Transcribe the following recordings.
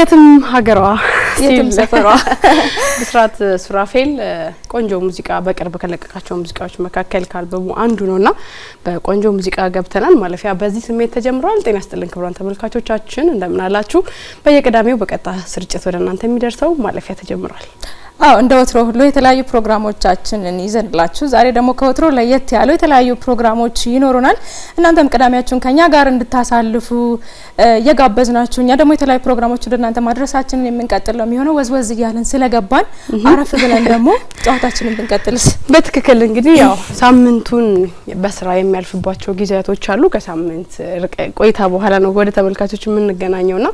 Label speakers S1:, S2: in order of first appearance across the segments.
S1: የትም ሀገሯ
S2: የትም ሰፈሯ
S1: ብስራት ሱራፌል ቆንጆ ሙዚቃ በቅርብ ከለቀቃቸው ሙዚቃዎች መካከል ከአልበሙ አንዱ ነውና በቆንጆ ሙዚቃ ገብተናል። ማለፊያ በዚህ ስሜት ተጀምሯል። ጤና ስጥልን ክቡራን ተመልካቾቻችን እንደምን አላችሁ? በየቅዳሜው በቀጥታ ስርጭት ወደ እናንተ የሚደርሰው ማለፊያ ተጀምሯል።
S2: አዎ እንደ ወትሮ ሁሉ የተለያዩ ፕሮግራሞቻችንን ይዘንላችሁ ዛሬ ደግሞ ከወትሮ ለየት ያለው የተለያዩ ፕሮግራሞች ይኖሩናል። እናንተም ቅዳሜያችሁን ከኛ ጋር እንድታሳልፉ እየጋበዝናችሁ እኛ ደግሞ የተለያዩ ፕሮግራሞች ወደ እናንተ ማድረሳችንን የምንቀጥል ነው የሚሆነው። ወዝወዝ እያለን ስለገባን አረፍ ብለን ደግሞ ጨዋታችንን ብንቀጥልስ።
S1: በትክክል እንግዲህ ያው ሳምንቱን በስራ የሚያልፍባቸው ጊዜያቶች አሉ። ከሳምንት ቆይታ በኋላ ነው ወደ ተመልካቾች የምንገናኘው ና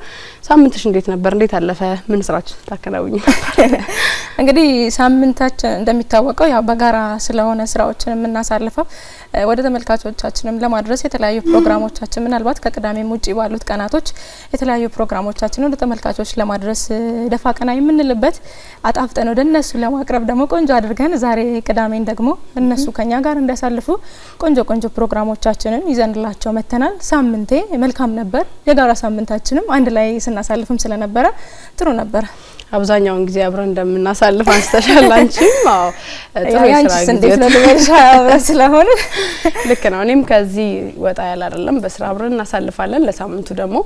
S1: ሳምንትሽ እንዴት ነበር? እንዴት አለፈ? ምን ስራችን ታከናውኝ ነበር?
S2: እንግዲህ ሳምንታችን እንደሚታወቀው ያው በጋራ ስለሆነ ስራዎችን የምናሳልፈው ወደ ተመልካቾቻችንም ለማድረስ የተለያዩ ፕሮግራሞቻችን ምናልባት ከቅዳሜም ውጭ ባሉት ቀናቶች የተለያዩ ፕሮግራሞቻችን ወደ ተመልካቾች ለማድረስ ደፋ ቀና የምንልበት አጣፍጠን ወደ እነሱ ለማቅረብ ደግሞ ቆንጆ አድርገን ዛሬ ቅዳሜን ደግሞ እነሱ ከኛ ጋር እንዲያሳልፉ ቆንጆ ቆንጆ ፕሮግራሞቻችንን ይዘንላቸው መተናል። ሳምንቴ መልካም ነበር። የጋራ ሳምንታችንም አንድ ላይ ስናሳልፍም ስለነበረ ጥሩ ነበረ።
S1: አብዛኛውን ጊዜ አብረን እንደምናሳልፍ አንስተሻል። አንቺም አዎ
S2: ጥሩ ስለሆነ
S1: ልክ ነው። እኔም ከዚህ ወጣ ያለ አይደለም፣ በስራ አብረን እናሳልፋለን። ለሳምንቱ ደግሞ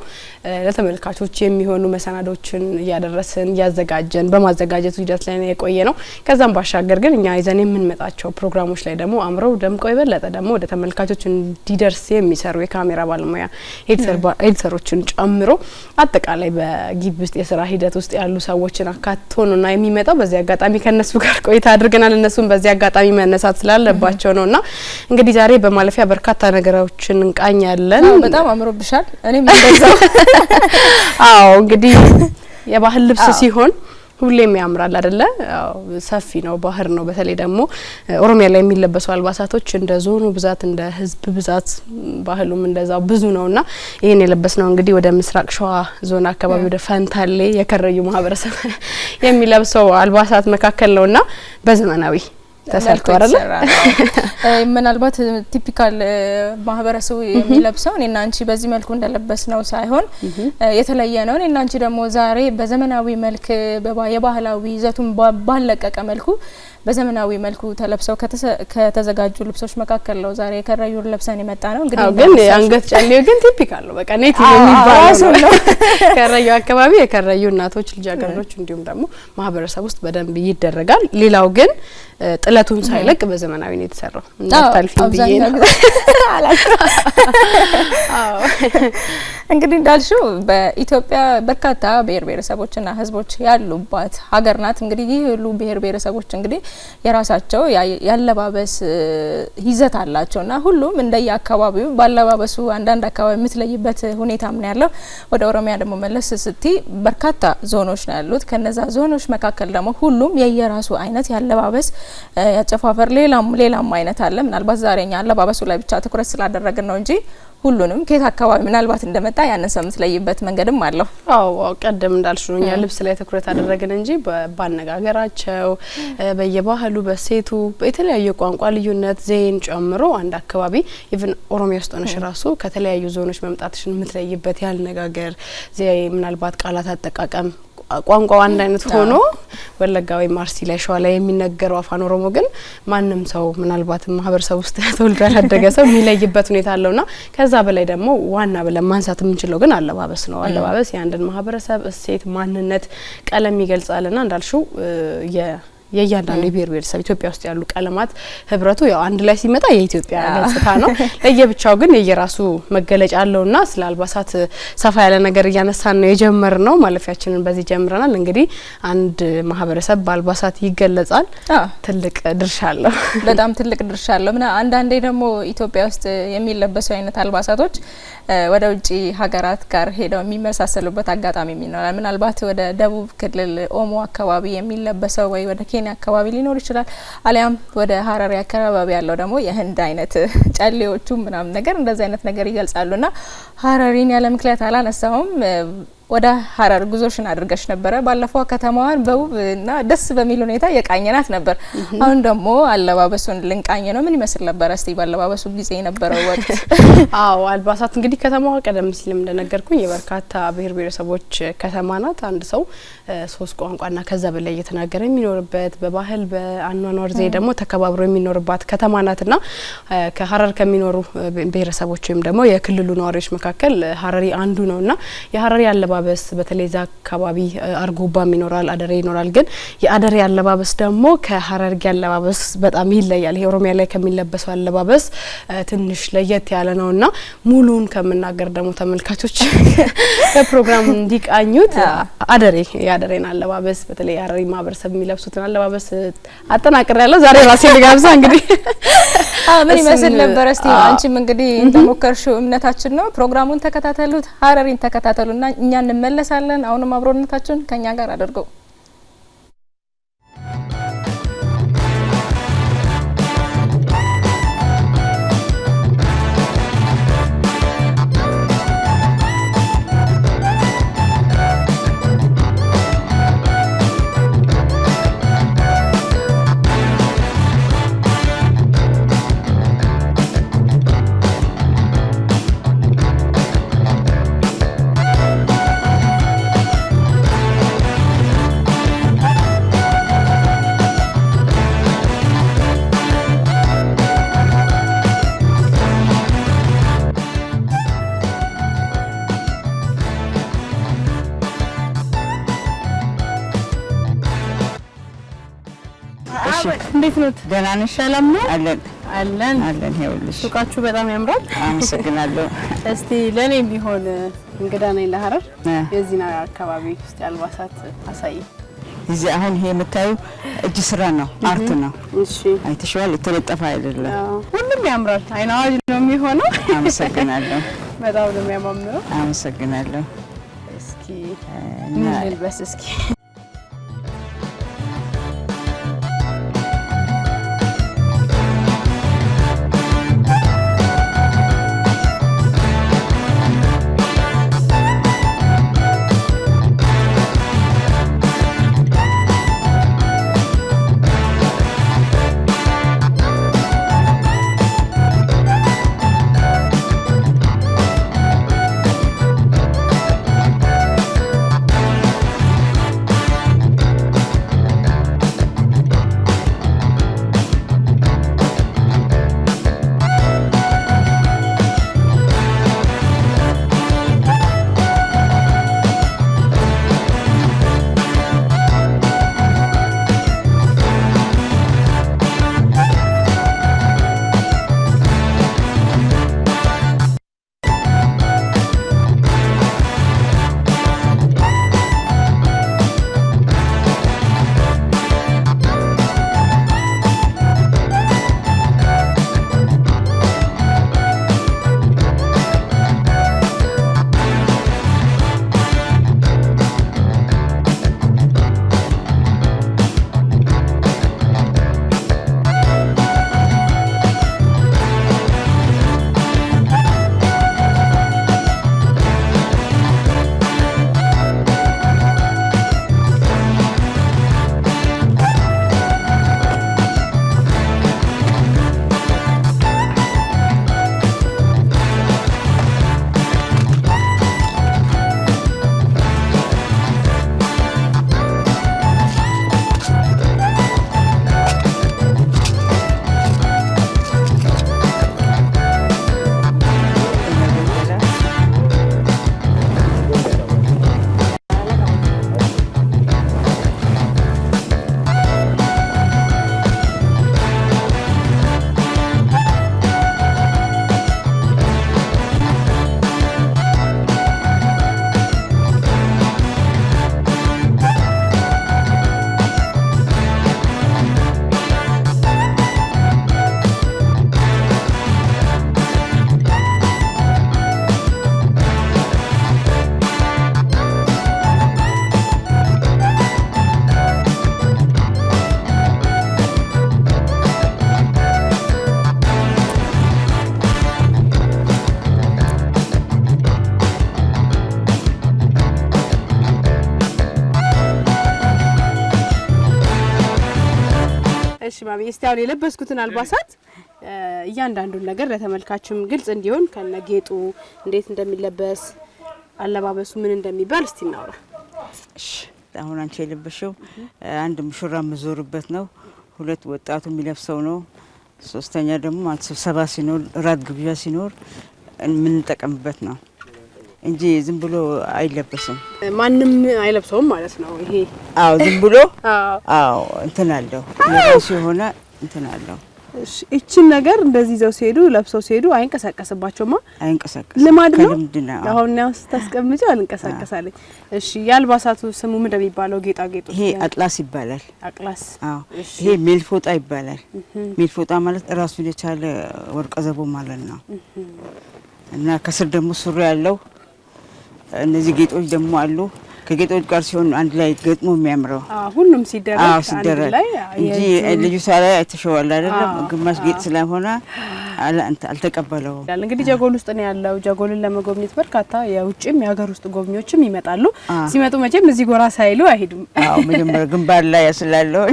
S1: ለተመልካቾች የሚሆኑ መሰናዶችን እያደረስን እያዘጋጀን በማዘጋጀቱ ሂደት ላይ የቆየ ነው። ከዛም ባሻገር ግን እኛ ይዘን የምንመጣቸው ፕሮግራሞች ላይ ደግሞ አምረው ደምቀው የበለጠ ደግሞ ወደ ተመልካቾች እንዲደርስ የሚሰሩ የካሜራ ባለሙያ ኤዲተሮችን ጨምሮ አጠቃላይ በጊቢ ውስጥ የስራ ሂደት ውስጥ ያሉ ሰዎች ሰዎችን አካቶ ነውና የሚመጣው። በዚህ አጋጣሚ ከእነሱ ጋር ቆይታ አድርገናል። እነሱም በዚህ አጋጣሚ መነሳት ስላለባቸው ነውና እንግዲህ ዛሬ በማለፊያ በርካታ ነገሮችን እንቃኛለን።
S2: በጣም አምሮብሻል። እኔም እንደዛው።
S1: አዎ እንግዲህ የባህል ልብስ ሲሆን ሁሌም ያምራል አደለ? ሰፊ ነው፣ ባህር ነው። በተለይ ደግሞ ኦሮሚያ ላይ የሚለበሱ አልባሳቶች እንደ ዞኑ ብዛት እንደ ህዝብ ብዛት ባህሉም እንደዛው ብዙ ነውና ይህን የለበስ ነው እንግዲህ ወደ ምስራቅ ሸዋ ዞን አካባቢ ወደ ፈንታሌ የከረዩ ማህበረሰብ የሚለብሰው አልባሳት መካከል ነውና በዘመናዊ ተሰርቶ አይደለ?
S2: ምናልባት ቲፒካል ማህበረሰቡ የሚለብሰው እኔና አንቺ በዚህ መልኩ እንደለበስ ነው ሳይሆን የተለየ ነው። እኔና አንቺ ደግሞ ዛሬ በዘመናዊ መልክ የባህላዊ ይዘቱን ባለቀቀ መልኩ በዘመናዊ መልኩ ተለብሰው ከተዘጋጁ ልብሶች መካከል ነው ዛሬ የከረዩን ለብሰን የመጣ ነው።
S1: እንግዲህ ግን አንገት ጫሌው ግን ቲፒካል ነው፣ በቃ ኔት የሚባለው ነው። ከረዩ አካባቢ የከረዩ እናቶች፣ ልጃገረዶች እንዲሁም ደግሞ ማህበረሰብ ውስጥ በደንብ ይደረጋል። ሌላው ግን ጥለቱን ሳይለቅ በዘመናዊ ነው የተሰራው።
S2: እንዳታልፊኝ ብዬ ነው። እንግዲህ እንዳልሽው በኢትዮጵያ በርካታ ብሔር ብሔረሰቦችና ህዝቦች ያሉባት ሀገር ናት። እንግዲህ ይህ ሁሉ ብሔር ብሔረሰቦች እንግዲህ የራሳቸው ያለባበስ ይዘት አላቸው እና ሁሉም እንደየ አካባቢው በአለባበሱ አንዳንድ አካባቢ የምትለይበት ሁኔታ ምን ያለው። ወደ ኦሮሚያ ደግሞ መለስ ስቲ በርካታ ዞኖች ነው ያሉት። ከነዛ ዞኖች መካከል ደግሞ ሁሉም የየራሱ አይነት ያለባበስ ያጨፋፈር ሌላም ሌላም አይነት አለ። ምናልባት ዛሬኛ እኛ አለባበሱ ላይ ብቻ ትኩረት ስላደረግን ነው እንጂ ሁሉንም ከየት አካባቢ ምናልባት እንደመጣ ያንን ሰው የምትለይበት መንገድም አለው።
S1: አዎ ቀደም እንዳልሽ ነው እኛ ልብስ ላይ ትኩረት አደረግን እንጂ በአነጋገራቸው፣ በየባህሉ፣ በሴቱ የተለያየ ቋንቋ ልዩነት ዜን ጨምሮ አንድ አካባቢ ኢቭን ኦሮሚያ ውስጥ ሆነሽ ራሱ ከተለያዩ ዞኖች መምጣትሽን የምትለይበት ያነጋገር ዜ ምናልባት ቃላት አጠቃቀም ቋንቋው አንድ አይነት ሆኖ ወለጋ ወይም አርሲ ላይ ሸዋ ላይ የሚነገረው አፋን ኦሮሞ ግን ማንም ሰው ምናልባትም ማህበረሰብ ውስጥ ተወልዶ ያላደገ ሰው የሚለይበት ሁኔታ አለውና ከዛ በላይ ደግሞ ዋና ብለን ማንሳት የምንችለው ግን አለባበስ ነው። አለባበስ የአንድን ማህበረሰብ እሴት፣ ማንነት፣ ቀለም ይገልጻልና እንዳልሽው የእያንዳንዱ የብሔር ብሔረሰብ ኢትዮጵያ ውስጥ ያሉ ቀለማት ህብረቱ ያው አንድ ላይ ሲመጣ የኢትዮጵያ ገጽታ ነው። ለየብቻው ግን የየራሱ መገለጫ አለውና ስለ አልባሳት ሰፋ ያለ ነገር እያነሳን ነው የጀመር ነው። ማለፊያችንን በዚህ ጀምረናል። እንግዲህ አንድ ማህበረሰብ በአልባሳት ይገለጻል። ትልቅ ድርሻ አለው፣
S2: በጣም ትልቅ ድርሻ አለው። ምና አንዳንዴ ደግሞ ኢትዮጵያ ውስጥ የሚለበሱ አይነት አልባሳቶች ወደ ውጭ ሀገራት ጋር ሄደው የሚመሳሰሉበት አጋጣሚ ይኖራል። ምናልባት ወደ ደቡብ ክልል ኦሞ አካባቢ የሚለበሰው ወይ ወደ ኬንያ አካባቢ ሊኖር ይችላል። አሊያም ወደ ሀረሪ አካባቢ ያለው ደግሞ የህንድ አይነት ጨሌዎቹ ምናምን ነገር እንደዚህ አይነት ነገር ና ሀረሪን ያለ ምክንያት አላነሳውም። ወደ ሀረር ጉዞሽን አድርገሽ ነበረ። ባለፈው ከተማዋን በውብ እና ደስ በሚል ሁኔታ የቃኘናት ነበር። አሁን ደግሞ አለባበሱን ልንቃኝ ነው። ምን ይመስል ነበር? እስቲ ባለባበሱ ጊዜ የነበረው ወቅት።
S1: አዎ አልባሳት እንግዲህ ከተማዋ ቀደም ሲልም እንደነገርኩኝ የበርካታ ብሔር ብሔረሰቦች ከተማ ናት። አንድ ሰው ሶስት ቋንቋና ከዛ በላይ እየተናገረ የሚኖርበት በባህል በአኗኗር ዘዬ ደግሞ ተከባብሮ የሚኖርባት ከተማ ና ከሀረር ከሚኖሩ ብሔረሰቦች ወይም ደግሞ የክልሉ ነዋሪዎች መካከል ሀረሪ አንዱ ነውና የሀረሪ አለባ አለባበስ በተለይ ዛ አካባቢ አርጎባም ይኖራል፣ አደሬ ይኖራል። ግን የአደሬ አለባበስ ደግሞ ከሀረርጌ አለባበስ በጣም ይለያል። ይሄ ኦሮሚያ ላይ ከሚለበሰው አለባበስ ትንሽ ለየት ያለ እና ሙሉን ከምናገር ደግሞ ተመልካቾች በፕሮግራሙ እንዲቃኙት
S2: አደሬ የአደሬን አለባበስ በተለይ የሀረሪ ማህበረሰብ የሚለብሱትን አለባበስ አጠናቅር ያለው ዛሬ ራሴ ልጋብዛ እንግዲህ ምን ይመስል ነበረ? እስቲ አንቺም እንግዲህ እንደሞከርሽው እምነታችን ነው። ፕሮግራሙን ተከታተሉት፣ ሀረሪን እና እኛ እንመለሳለን። አሁንም አብሮነታችሁን ከኛ ጋር አድርገው። እንዴት ነው?
S3: ደህና ነሽ? ሰላም ነው አለን አለን
S2: አለን። ይኸውልሽ ሱቃችሁ በጣም ያምራል።
S3: አመሰግናለሁ።
S2: እስቲ ለእኔም ቢሆን እንግዳ ነኝ ለሐረር የዚህን አካባቢ ውስጥ አልባሳት አሳይ።
S3: እዚህ አሁን ይሄ የምታዩ እጅ ስራ ነው፣ አርት ነው። አይተሽዋል። የተለጠፈ አይደለም።
S2: ሁሉም ያምራል። አይን አዋጅ ነው የሚሆነው።
S3: አመሰግናለሁ።
S2: በጣም ነው የሚያማምረው።
S3: አመሰግናለሁ። እስኪ ምን ልበስ እስኪ
S2: ማሜ እስቲ አሁን የለበስኩትን አልባሳት እያንዳንዱን ነገር ለተመልካችም ግልጽ እንዲሆን ከነ ጌጡ እንዴት እንደሚለበስ አለባበሱ ምን እንደሚባል እስቲ እናውራ።
S3: አሁን አንቺ የለበሽው አንድ ሙሽራ የምዞርበት ነው። ሁለት ወጣቱ የሚለብሰው ነው። ሶስተኛ ደግሞ ማለት ስብሰባ ሲኖር፣ እራት ግብዣ ሲኖር የምንጠቀምበት ነው። እንጂ ዝም ብሎ አይለበስም።
S2: ማንም አይለብሰውም ማለት ነው ይሄ? አዎ፣ ዝም ብሎ
S3: አዎ፣ እንትን አለው የራሱ የሆነ እንትን አለው።
S2: እችን ነገር እንደዚህ ይዘው ሲሄዱ ለብሰው ሲሄዱ አይንቀሳቀስባቸውማ። አይንቀሳቀስ ልማድ ነው አሁን ያው ስታስቀምጪ አልንቀሳቀሳለች። እሺ፣ የአልባሳቱ ስሙ ምን እንደሚባለው ጌጣጌጡ?
S3: ይሄ አጥላስ ይባላል። አጥላስ። አዎ፣ ይሄ ሜልፎጣ ይባላል። ሜልፎጣ ማለት ራሱን የቻለ ወርቀ ዘቦ ማለት ነው። እና ከስር ደግሞ ሱሪ ያለው እነዚህ ጌጦች ደግሞ አሉ። ከጌጦች ጋር ሲሆን አንድ ላይ ገጥሞ የሚያምረው
S2: ሁሉም ሲደረግ
S3: ሲደረግ እንጂ ልጁ ላይ አይተሸዋል አይደለም። ግማሽ ጌጥ ስለሆነ አልተቀበለውም።
S2: እንግዲህ ጀጎል ውስጥ ነው ያለው። ጀጎልን ለመጎብኘት በርካታ የውጭም የሀገር ውስጥ ጎብኚዎችም ይመጣሉ። ሲመጡ መቼም እዚህ ጎራ ሳይሉ አይሄዱም።
S3: መጀመሪያ ግንባር ላይ ያስላለሁ።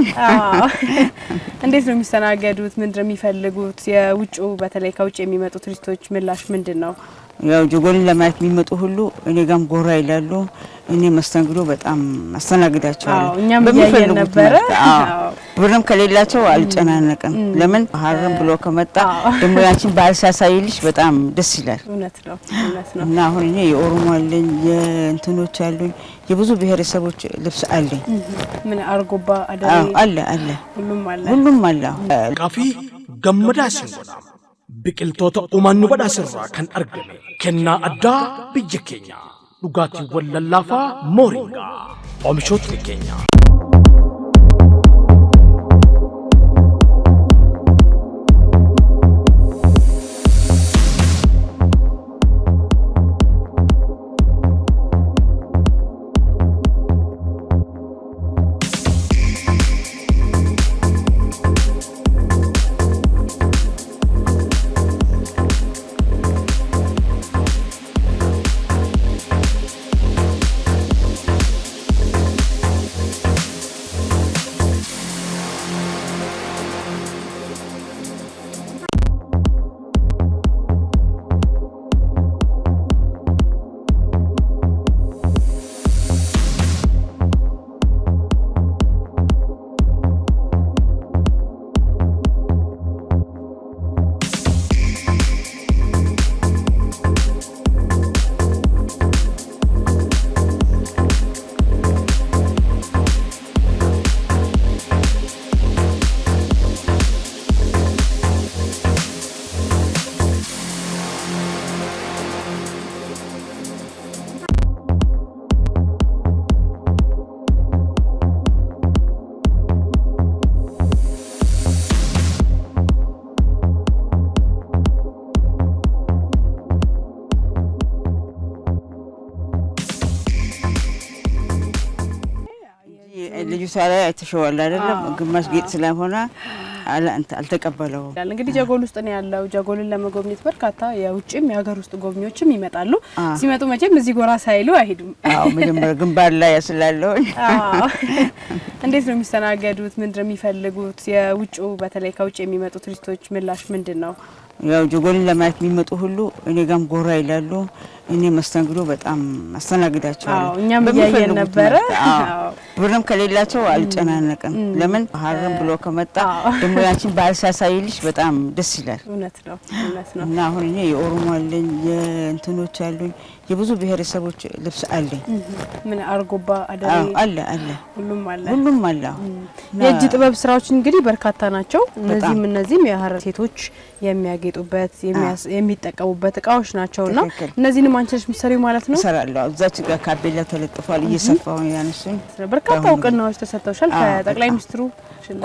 S2: እንዴት ነው የሚስተናገዱት? ምንድን ነው የሚፈልጉት? የውጭ በተለይ ከውጭ የሚመጡ ቱሪስቶች ምላሽ ምንድን ነው?
S3: ያው ጀጎልን ለማየት የሚመጡ ሁሉ እኔ ጋም ጎራ ይላሉ። እኔ መስተንግዶ በጣም አስተናግዳቸዋለሁ።
S2: በሚፈልጉት
S3: ብርም ከሌላቸው አልጨናነቅም። ለምን ሀረም ብሎ ከመጣ ደግሞ ያንቺን ባህል ሲያሳይልሽ በጣም ደስ ይላል እና አሁን እኔ የኦሮሞ አለኝ፣ የእንትኖች አሉኝ፣ የብዙ ብሔረሰቦች ልብስ አለኝ። ምን አርጎባ አለ አለ ሁሉም አለ ካፊ ገመዳ ሲንጎናም biqiltoota uumaan nu badhaasirraa kan argame kennaa addaa biyya keenya dhugaatiiwwan lallaafaa mooringaa oomishootni keenya ፊቷ ላይ አይተሸዋል አይደለም? ግማሽ ጌጥ ስለሆነ አልተቀበለውም።
S2: እንግዲህ ጀጎል ውስጥ ነው ያለው። ጀጎልን ለመጎብኘት በርካታ የውጭም የሀገር ውስጥ ጎብኚዎችም ይመጣሉ። ሲመጡ መቼም እዚህ ጎራ ሳይሉ አይሄዱም።
S3: መጀመሪያ ግንባር ላይ ያስላለው
S2: እንዴት ነው የሚስተናገዱት? ምንድን ነው የሚፈልጉት? የውጭ በተለይ ከውጭ የሚመጡ ቱሪስቶች ምላሽ ምንድን ነው?
S3: ያው ጀጎልን ለማየት የሚመጡ ሁሉ እኔ ጋም ጎራ ይላሉ። እኔ መስተንግዶ በጣም አስተናግዳቸዋለሁ።
S2: እኛም እያየን ነበረ።
S3: ብርም ከሌላቸው አልጨናነቅም። ለምን ሀረም ብሎ ከመጣ ደግሞ ያችን ባህል ሳሳይልሽ በጣም ደስ ይላል። እውነት ነው እና አሁን እኔ የኦሮሞ አለኝ የእንትኖች አሉኝ የብዙ ብሔረሰቦች ልብስ አለኝ። ምን አርጎባ አለ አለ ሁሉም አለ ሁሉም አለ።
S2: የእጅ ጥበብ ስራዎች እንግዲህ በርካታ ናቸው። እነዚህም እነዚህም የሀረር ሴቶች የሚያጌጡበት የሚጠቀሙበት እቃዎች ናቸውና እነዚህንም አንቺ ምሰሪ ማለት ነው?
S3: እሰራለሁ። እዛች ጋር ካቤላ ተለጥፏል፣ እየሰፋሁ ያነሱን።
S2: በርካታ እውቅናዎች ተሰጥተውሻል። ከጠቅላይ ሚኒስትሩ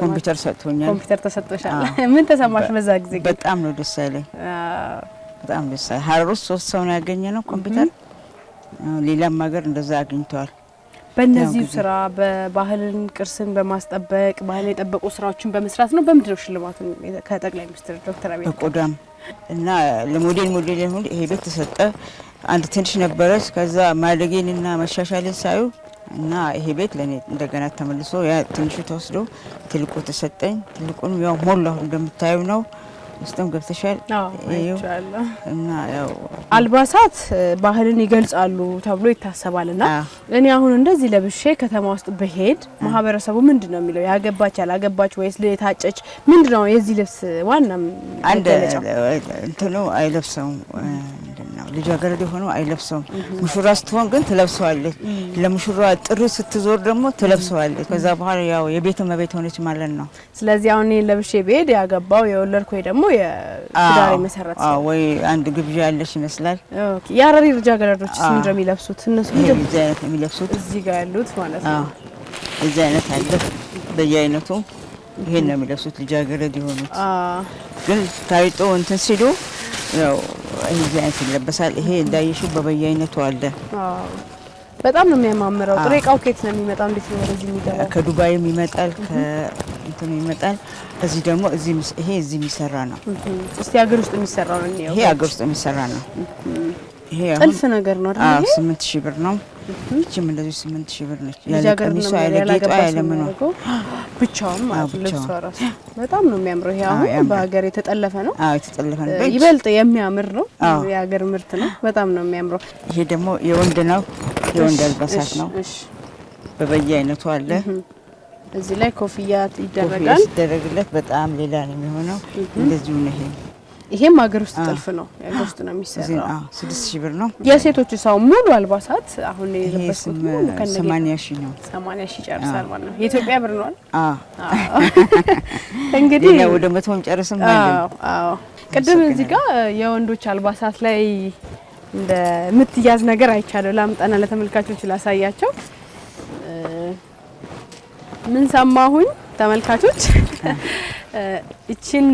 S3: ኮምፒውተር ሰጥቶኛል።
S2: ኮምፒውተር ተሰጥቶሻል። ምን ተሰማሽ በዛ ጊዜ?
S3: በጣም ነው ደስ ያለኝ። በጣም ደስ አለ። ሀረር ውስጥ ሶስት ሰው ነው ያገኘ ነው ኮምፒውተር። ሌላም ሀገር እንደዛ አግኝተዋል።
S2: በእነዚህ ስራ በባህልን ቅርስን በማስጠበቅ ባህል የጠበቁ ስራዎችን በመስራት ነው። በምንድን ነው ከጠቅላይ ሚኒስትር ዶክተር አብይ?
S3: በቆዳም እና ለሞዴል ሞዴል ሆን ይሄ ቤት ተሰጠ። አንድ ትንሽ ነበረች። ከዛ ማደጌን እና መሻሻልን ሳዩ እና ይሄ ቤት ለእኔ እንደገና ተመልሶ ያ ትንሹ ተወስዶ ትልቁ ተሰጠኝ። ትልቁንም ያው ሞላሁ እንደምታዩ ነው። ውስጥም ገብተሻል
S2: እና ያው አልባሳት ባህልን ይገልጻሉ ተብሎ ይታሰባል። እና እኔ አሁን እንደዚህ ለብሼ ከተማ ውስጥ ብሄድ ማህበረሰቡ ምንድን ነው የሚለው? ያገባች ያላገባች ወይስ ለታጨች? ምንድን ነው የዚህ ልብስ ዋና
S3: አንድ እንትኑ አይለብሰውም ነው። ልጃገረድ የሆነው አይለብሰውም። ሙሽራ ስትሆን ግን ትለብሰዋለች። ለሙሽራ ጥሪ ስትዞር ደግሞ ትለብሰዋለች። ከዛ በኋላ ያው የቤት መቤት ሆነች ማለት ነው።
S2: ስለዚህ አሁን እኔ ለብሼ ብሄድ ያገባው የወለድኩ ወይ ደግሞ የትዳር የመሰረት
S3: ወይ አንድ ግብዣ ያለሽ ይመስላል።
S2: የሀረሪ ልጃገረዶች ምንድን ነው የሚለብሱት? እነሱ
S3: እዚህ አይነት የሚለብሱት
S2: እዚህ ጋር ያሉት ማለት ነው።
S3: እዚህ አይነት አለ በየአይነቱ ይሄን ነው የሚለብሱት ልጃገረድ የሆኑት ግን ታይጦ እንትን ሲሉ ያው እዚህ አይነት ይለበሳል። ይሄ እንዳየሽው በበየአይነቱ አለ።
S2: በጣም ነው የሚያማምረው። ጥሬ እቃው ኬት ነው የሚመጣው? እንዴት ነው ወደዚህ የሚገባው?
S3: ከዱባይም ይመጣል፣ ከእንትኑ ይመጣል። እዚህ ደግሞ ይሄ እዚህ የሚሰራ ነው።
S2: እስቲ ሀገር ውስጥ የሚሰራ ነው።
S3: ይሄ ሀገር ውስጥ የሚሰራ ነው።
S2: ጥልፍ ነገር ነው
S3: አይደል? ስምንት ሺህ ብር ነው። ይህችም እንደዚህ ስምንት ሺህ ብር ነች።
S2: ያለ ቀሚሷ ያለ ጌጧ ያለ ምኗ ብቻውም ልብሷ ራሱ በጣም ነው የሚያምረው። ይሄ አሁን በሀገር የተጠለፈ ነው።
S3: አዎ የተጠለፈ ነው።
S2: ይበልጥ የሚያምር ነው። የሀገር ምርት ነው። በጣም ነው የሚያምረው።
S3: ይሄ ደግሞ የወንድ ነው። የወንድ አልባሳት ነው። በበየ አይነቱ አለ።
S2: እዚህ ላይ ኮፍያ ይደረጋል።
S3: ሲደረግለት በጣም ሌላ ነው የሚሆነው። እንደዚሁ ነው ይሄ
S2: ይሄም ሀገር ውስጥ ጥልፍ ነው። ሀገር ውስጥ ነው የሚሰራው።
S3: ስድስት ሺህ ብር ነው።
S2: የሴቶች ሰው ሙሉ አልባሳት አሁን
S3: የለበስኩት ሰማንያ ሺህ ነው።
S2: ሰማንያ ሺህ ጨርሳል ማለት ነው። የኢትዮጵያ ብር ነዋል።
S3: እንግዲህ ወደ መቶም ጨርስም
S2: ቅድም እዚህ ጋር የወንዶች አልባሳት ላይ እንደ ምትያዝ ነገር አይቻለሁ። ላምጣና ለተመልካቾች ላሳያቸው። ምን ሰማሁኝ ተመልካቾች እችን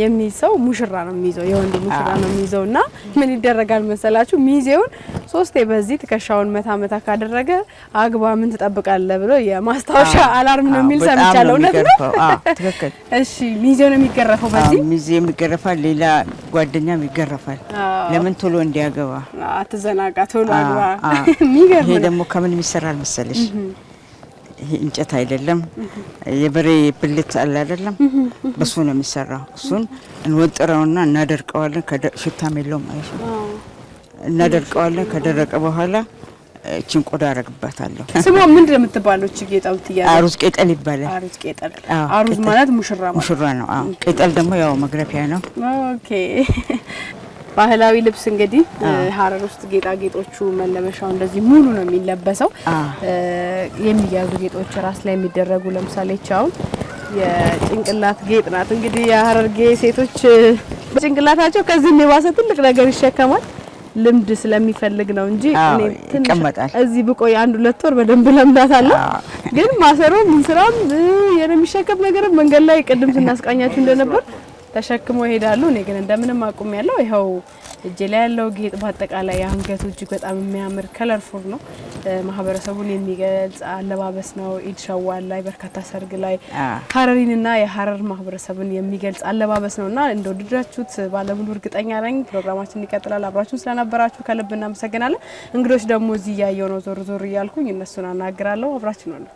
S2: የሚይዘው ሙሽራ ነው የሚይዘው የወንድ ሙሽራ ነው የሚይዘው እና ምን ይደረጋል መሰላችሁ ሚዜውን ሶስቴ በዚህ ትከሻውን መታ መታ ካደረገ አግባ ምን ትጠብቃለህ ብሎ የማስታወሻ አላርም ነው የሚል ሰምቻለሁ። እውነት ነው? ትክክል። እሺ፣ ሚዜው ነው የሚገረፈው በዚህ
S3: ሚዜም ይገረፋል፣ ሌላ ጓደኛም ይገረፋል። ለምን ቶሎ እንዲያገባ
S2: አትዘናጋ፣ ቶሎ አግባ።
S3: ይሄ ደግሞ ከምን የሚሰራል መሰለሽ ይሄ እንጨት አይደለም፣ የበሬ ብልት አለ አይደለም፣ በሱ ነው የሚሰራው። እሱን እንወጥረውና እናደርቀዋለን። ሽታም የለውም ማለት ነው። እናደርቀዋለን። ከደረቀ በኋላ እችን ቆዳ አረግባታለሁ።
S2: ስሟ ምንድን ነው የምትባለው? እች ጌጣው ትያለች።
S3: አሩዝ ቄጠል ይባላል።
S2: አሩዝ ቄጠል። አሩዝ ማለት ሙሽራ
S3: ሙሽራ ነው። ቄጠል ደግሞ ያው መግረፊያ ነው።
S2: ኦኬ ባህላዊ ልብስ እንግዲህ ሀረር ውስጥ ጌጣጌጦቹ መለበሻው እንደዚህ ሙሉ ነው የሚለበሰው። የሚያዙ ጌጦች ራስ ላይ የሚደረጉ ለምሳሌ ቻውን የጭንቅላት ጌጥ ናት። እንግዲህ የሀረርጌ ሴቶች ጭንቅላታቸው ከዚህ የሚባሰ ትልቅ ነገር ይሸከማል። ልምድ ስለሚፈልግ ነው እንጂ ይቀመጣል። እዚህ ብቆይ አንድ ሁለት ወር በደንብ ለምዳታለሁ። ግን ማሰሮ ምን ስራም የሚሸከም ነገርም መንገድ ላይ ቅድም ስናስቃኛችሁ እንደነበር ተሸክሞ ይሄዳሉ። እኔ ግን እንደምንም አቁም ያለው ይኸው እጄ ላይ ያለው ጌጥ በአጠቃላይ አንገቱ እጅግ በጣም የሚያምር ከለርፉል ነው። ማህበረሰቡን የሚገልጽ አለባበስ ነው። ኢድ ሸዋል ላይ በርካታ ሰርግ ላይ ሀረሪንና የሀረር ማህበረሰብን የሚገልጽ አለባበስ ነው እና እንደወደዳችሁት ባለሙሉ እርግጠኛ ነኝ። ፕሮግራማችን ይቀጥላል። አብራችሁን ስለነበራችሁ ከልብ እናመሰግናለን። እንግዶች ደግሞ እዚህ እያየው ነው ዞር ዞር እያልኩኝ እነሱን አናግራለሁ። አብራችን ነው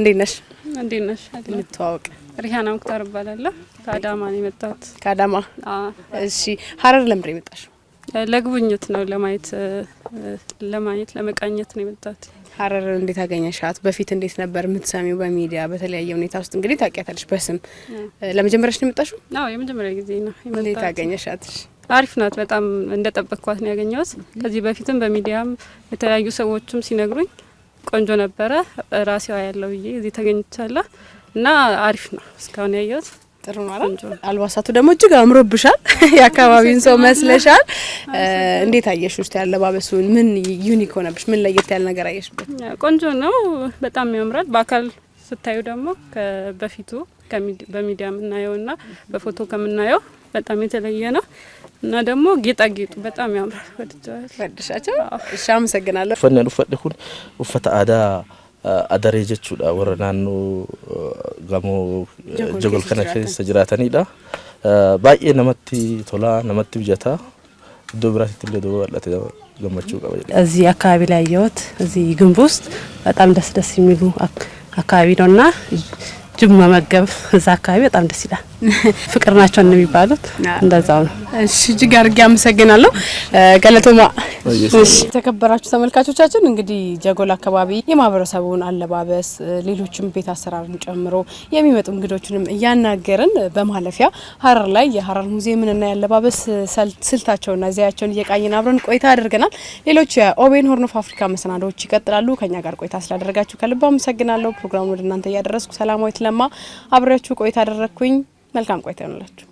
S2: እንዴት ነሽ? እንዴት ነሽ? እንተዋወቅ።
S1: ሪሃና ሙክታር እባላለሁ። ከአዳማ ነው የመጣሁት።
S2: ከአዳማ እሺ። ሀረር ለምንድን የመጣሽ?
S1: ለጉብኝት ነው፣ ለማየት ለማየት ለመቃኘት ነው የመጣሁት።
S2: ሀረር እንዴት አገኘሻት? በፊት እንዴት ነበር የምትሰሚው? በሚዲያ በተለያየ ሁኔታ ውስጥ እንግዲህ ታውቂያታለሽ በስም። ለመጀመሪያሽ ነው የመጣሽው?
S1: አዎ የመጀመሪያ ጊዜ ነው።
S2: እንዴት አገኘሻት?
S1: አሪፍ ናት። በጣም እንደጠበቅኳት ነው ያገኘሁት። ከዚህ በፊትም በሚዲያም የተለያዩ ሰዎችም ሲነግሩኝ ቆንጆ ነበረ። ራሴ ያለው ብዬ እዚህ ተገኝቻለሁ እና አሪፍ ነው እስካሁን ያየሁት።
S2: ጥሩ ነው። አልባሳቱ ደግሞ እጅግ አምሮብሻል። የአካባቢውን ሰው መስለሻል። እንዴት አየሽ ውስጥ ያለባበሱን? ምን ዩኒክ ሆነብሽ? ምን ለየት ያለ ነገር አየሽበት?
S1: ቆንጆ ነው። በጣም ያምራል። በአካል ስታዩ ደግሞ በፊቱ በሚዲያ የምናየውና በፎቶ ከምናየው በጣም የተለየ ነው። እና ደግሞ ጌጣጌጡ በጣም ያምራል። ወድጃዋል
S2: ወድሻቸው? እሺ፣ አመሰግናለሁ።
S4: ፈነን ኡፈደ ኩን ኡፈተ አዳ አደሬ ጀቹዳ ወረ ናኖ ጋሞ ጀጎል ከነ ከሰ ጅራተኒዳ ባዬ ነመቲ ቶላ ነመቲ ብጀታ ዶ ብራሲት ለ ዶ ባላተ ገመቹ ቀበ
S5: እዚህ አካባቢ ላይ ያየሁት እዚህ ግንብ ውስጥ በጣም ደስ ደስ የሚሉ አካባቢ ነውና ጅም መመገብ እዛ አካባቢ በጣም ደስ ይላል። ፍቅር ናቸው የሚባሉት እንደዛው ነው።
S2: እሺ እጅግ አድርጌ አመሰግናለሁ ገለቶማ። እሺ የተከበራችሁ ተመልካቾቻችን እንግዲህ ጀጎል አካባቢ የማህበረሰቡን አለባበስ፣ ሌሎችም ቤት አሰራርን ጨምሮ የሚመጡ እንግዶችንም እያናገርን በማለፊያ ሀረር ላይ የሀረር ሙዚየምንና የአለባበስ ስልታቸውና ዘያቸውን እየቃኘን አብረን ቆይታ አድርገናል። ሌሎች የኦቤን ሆርን ኦፍ አፍሪካ መሰናዶዎች ይቀጥላሉ። ከኛ ጋር ቆይታ ስላደረጋችሁ ከልብ አመሰግናለሁ። ፕሮግራሙን ወደ እናንተ እያደረስኩ ሰላማዊት ለማ አብሬያችሁ ቆይታ አደረግኩኝ። መልካም ቆይታ ይሆንላችሁ።